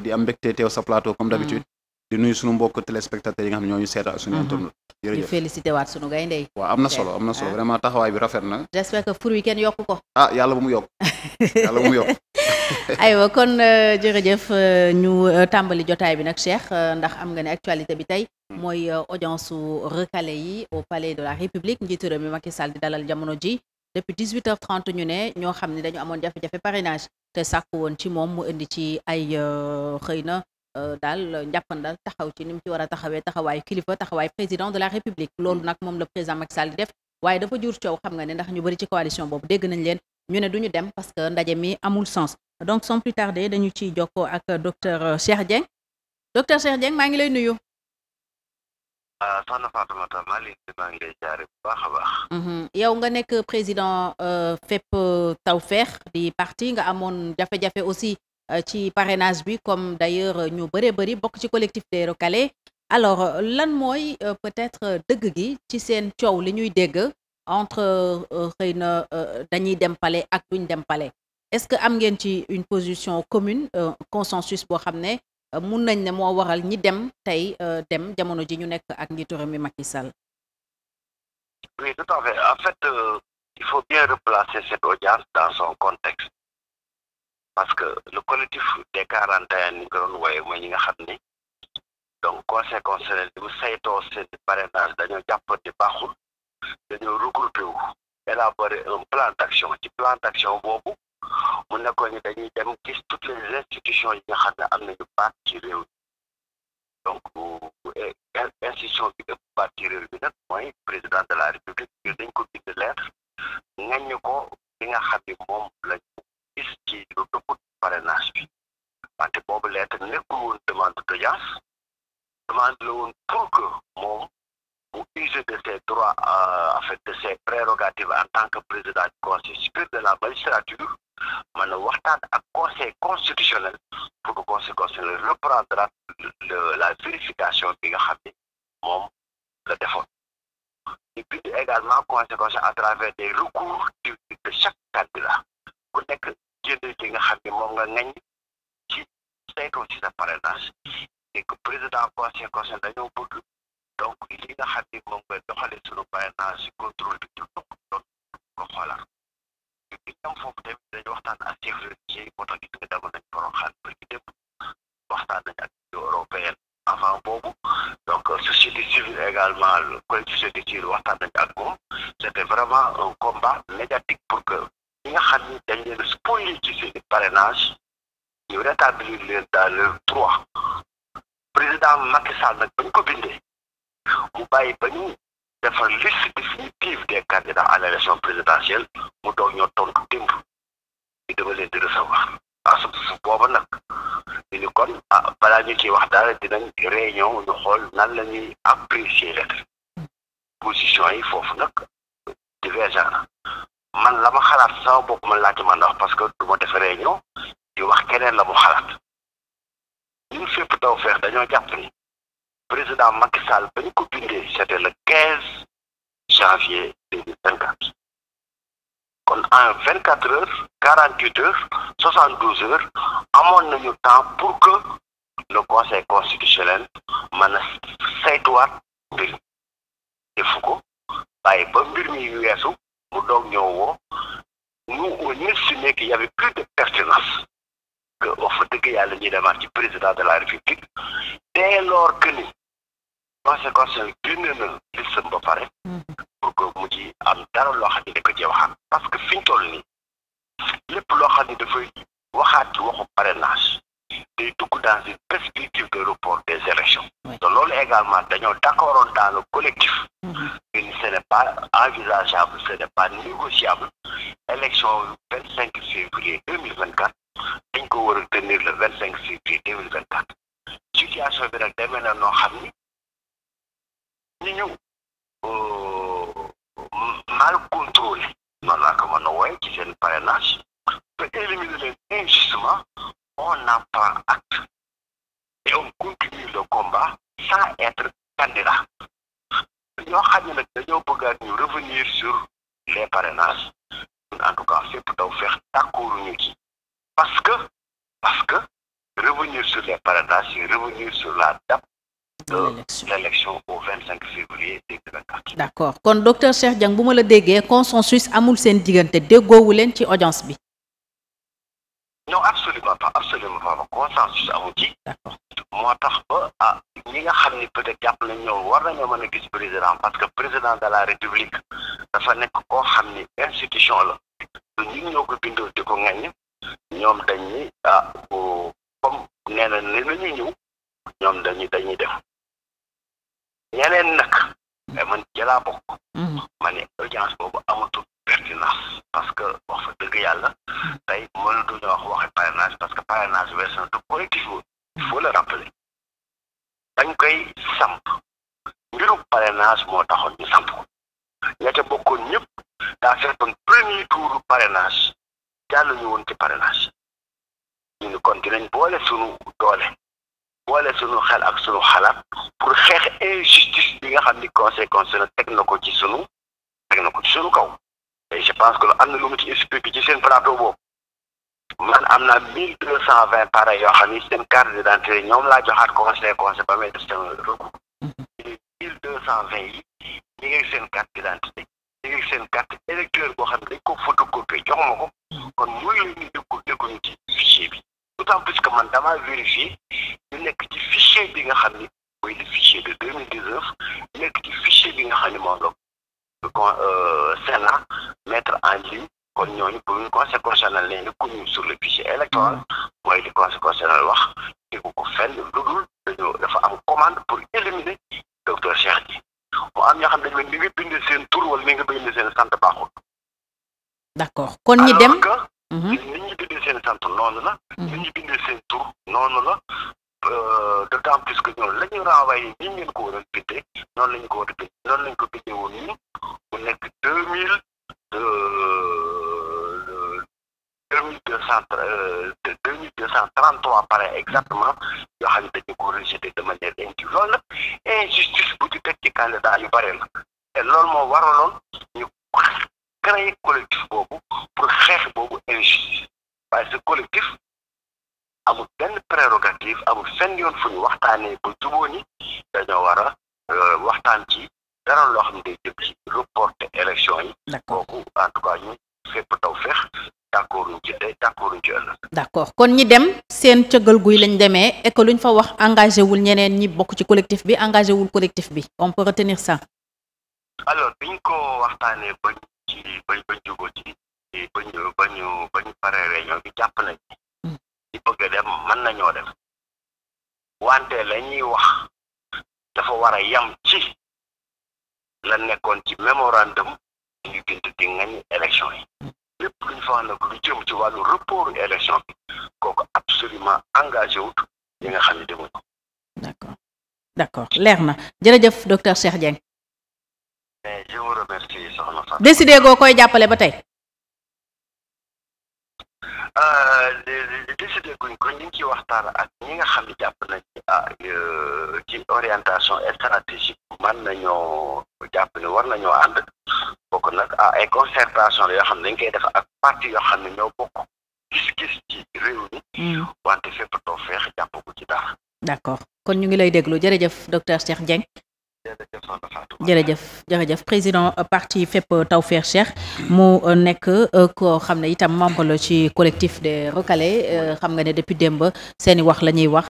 di am mbégte teew sa plateau comme d'habitude mm. di nuyu suñu mbokk téléspectateurs yi nga xam ne ñoo ñu seetaan suñu mm-hmm. waat suñu gaynde yi waaw am solo am solo ah. vraiment taxawaay bi rafet na j'espère que fur wi kenn yokk ko ah mu yokk yàlla kon euh, jërëjëf euh, ñu euh, tàmbali jotaay bi nag Cheikh ndax am actualité bi tey mm. mooy audience su recalé yi au palais de la République njiitu réew mi Macky dalal jamono ji depuis 18h30 ñu ne ñoo xam ne te sàkk woon ci moom mu indi ci ay euh, xëy na euh, daal njàppandal taxaw ci ni mu ci war taxawee taxawaayu kilifa taxawaayu président de la république mm. loolu nag moom la président Macky Sall di def waaye dafa jur coow xam nga ne ndax ñu bëri ci coalition boobu dégg nañ leen ñu ne duñu dem parce que ndaje mi amul sens donc sans plus tarder dañu ciy jokkoo ak docteur Cheikh Dieng docteur Cheikh maa ngi lay nuyu. Euh, soxna Fatoumata maa ngi jaare bu baax a baax. Mhm. yow nga nekk président euh, fépp euh, Tawfekh di parti nga amoon jafe-jafe aussi ci parrainage bi comme d'ailleurs ñu bëree bëri bokk ci collectif des alors lan mooy peut-être dëgg gi ci seen coow li ñuy dégg entre xëy na dañuy dempale ak duñ dem palais est-ce que am ngeen ci une position commune consensus boo xam ne. Euh, mun nañ ne moo waral ñi dem tey euh, dem jamono ji ñu nekk ak njiitu mi Macky Sall. oui tout à fait en fait euh, il faut bien replacer cette audience dans son contexte parce que le collectif des quarante et un ni ko doon nga xam ni donc conseil constitutionnel bi mu dañoo jàpp di baaxul dañoo regroupé wu élaborer un plan d' action ci plan d' boobu mu nekkoon ni dañuy dem gis toutes les institutions yi nga xam ne am nañu baat ci réew donc eh, institution bi ëpp baat ci réew bi nag mooy président de la république bi dañ ko bind lettre ngañ ko li nga xam ni moom lañ gis ci lu pare parrainage bi wante boobu lettre nekkul woon demande d'audience demande la woon pour que moom mu user de ses droits euh, en fait de ses prérogatives en tant que président du conseil supérieur de la magistrature man a waxtaan ak conseil constitutionnel pour que conseil constitutionnel reprendra la vérification ki nga xam ne moom la defo ñu bind également conseil à travers des recours de de chaque candidat ku nekk jënd li nga xam ni moom nga ngañ ci saytoo ci sa parrainage et que président conseil constitutionnel dañoo bëgg donc li nga xam ne moom nga doxalee sunu parrainage contrôle bi du ko xoolal bi ñoom foofu tamit dañu waxtaan ak chef religieux moo tax gis nga dagoon nañ Porokhane pour ñu waxtaan nañ ak union européenne donc société civile également waxtaan nañ ak moom c' vraiment un combat médiatique pour que ñi nga xam ni dañ leen spolié ci seeni parrainage ñu rétablir leen dans leur droit président Macky Sall nag bañ ko bindee mu bàyyi ba ñu defar liste définitive des candidats à l' élection présidentielle mu doog ñoo tontu démb ñu dama leen di recevoir ah booba nag ñu kon ah balaa ñu ciy wax daal dinañ réunion ñu xool nan la ñuy apprécier lettre position yi foofu nag divergent man la xalaat sama bopp man laa ci mën wax parce que du ma def réunion di wax keneen la mu xalaat ñun fépp daw feex dañoo jàpp ni président Macky Sall ba ñu ko bindee c'était le quinze janvier en vingt quatre heures quarante huit heures soixante douze heures amoon nañu temps pour que le conseil constitutionnel mën a saytuwaat mbir defu ko waaye ba mbir mi weesu mu doog ñëw woo nous on si nekk y avait plus de pertinence que wax fa dëgg yàlla ñuy demaat ci président de la république dès lors que conseil conseil génne na listam ba pare. Mm-hmm. pour que mu am dara loo xam ne da ko cee waxaat. parce que fi toll nii lépp loo xam ne dafay waxaat ci waxu parrainage day dugg dans une perspective de report des élections. dañoo d'accordoon dans le collectif. que mm-hmm. ce n'est pas envisageable ce n'est pas négociable élection vingt cinq dañ ko war a tenir le vingt cinq février deux mille bi nag demee na noo xam parrainage, peut éliminer les injustement, on en prend acte. Et on continue le combat sans être candidat. Nous avons revenir sur les parrainages. En tout cas, c'est pour faire d'accord Parce que, parce que, revenir sur les parrainages, c'est revenir sur la date de l'élection au et etc. d' accord kon docteur Cheikh Dieng bu ma la déggee consensus amul seen diggante déggoowu leen ci audience bi. non absolument pas absolument pas consensus amul ci. d' accord moo tax ba ah ñi nga xam ni peut être jàpp nañ ñoom war nañoo mën a gis président parce que président de la république dafa nekk koo xam ni institution la. du ñun ñoo ko bindoo di ko ñoom dañuy ah comme nee na ne la ñëw ñoom dañuy dañuy def ñeneen nag. man jëlaa bokk mm-hmm. ma ne audience boobu amatul pertinence parce que wax fa dëgg yàlla tey mënatuñu wax waxi parrainage parce que parrainage wees na du politique woon il koy samp mbirum parrainage moo taxoon ñu samp ko ña ca bokkoon ñëpp daa fekkoon premier tour parrainage jàll ñu woon ci ñu ni kon boole sunu doole boole sunu xel ak sunu xalaat pour xeex injustice bi nga xam ni conséquence na teg na ko ci sunu teg na ko ci sunu kaw et je pense que am na lu mu ci expliqué ci seen plateau boobu man am naa mille deux cent vingt yoo xam ni seen carte d'identité ñoom laa joxaat conseil conseil ba may def seen recours mm-hmm. mille deux cent vingt yi ñu ngi seen carte d'identité ñu ngi seen carte électeur boo xam ne dañ ko photocopie jox ma ko mm-hmm. kon muy la ñu dégg dégguñu ci fichier bi d'autant plus que man damaa vérifié ñu nekk ci fichier bi nga xam ni mooy le de deux mille bi nga xam ni moom la ko euh, Sénat mettre en ligne kon ñooñu pour ñu conseil constitutionnel nee na commune sur le fichier électoral mm. mooy li conseil constitutionnel wax tegu ko fenn lu dul dañoo dafa am commande pour éliminer docteur Cheikh Dieng mu am ñoo xam dañu ne mi ngi bind seen tur wala mi ngi bind seen sant baaxul. d'accord kon ñi dem. ñu renvoyé yi ngeen ko war a bindee noonu lañ ko war a bindee noonu ko bindee woon nii bu nekk deux mille euh, deux mille deux cent euh, deux mille trente trois pare exactement yoo xam ne dañu ko rejeté de manière injuste loolu nag injustice bu ci teg ci candidat yu bare la te loolu moo waraloon ñu créé collectif boobu pour xeex boobu injustice waaye ce collectif amul benn prérogative amul fenn yoon fu ñu waxtaanee ba jubóo ni dañoo war euh, waxtaan ci dara loo xam ne day jëm ci reporter élection yi. kooku en tout cas ñu fépp taw fex d'accord ñu ci tey euh, d'accord ñu ci ëllëg. d'accord kon ñi dem seen cëggal guy lañ demee et que luñ fa wax engagé wul ñeneen ñi bokk ci collectif bi engagé wul collectif bi on peut retenir ça. alors biñ ko waxtaanee bañ ci bañ bañ jubóo ci bañ bañu paree réunion bi jàpp nañ. bëgg a dem mën nañoo dem wante la ñuy wax dafa war a yam ci la nekkoon ci mémorandum ñu bind di ngañ élection yi lépp luñ ñu fa nag lu jëm ci wàllu report élection bi kooku absolument engagé wut yi nga xam ne demuñ ko d'accord d'accord leer na jërëjëf docteur Cheikh Dieng mais je vous remercie soxna Fatou décidé goo koy jàppale ba tey euh, décidé guñ ko ñu ngi ciy waxtaan ak ñi nga xam ne jàpp nañ ci ah, orientation stratégique mën nañoo jàpp ne war nañoo ànd bokk nag ah, ay concertation la yoo xam ne dañ koy def ak parti yoo xam ne ño bokk gis-gis ci réew hmm. wante fépp too feex jàpp ko ci dara d'accord kon ñu ngi lay déglu jërëjëf docteur Cheikh Dieng jërëjëf jërëjëf président euh, parti fépp Tawfekh Cheikh mu euh, nekk euh, ko xam ne itam membre la ci collectif des recalés xam nga ne depuis démb seeni wax la ñuy wax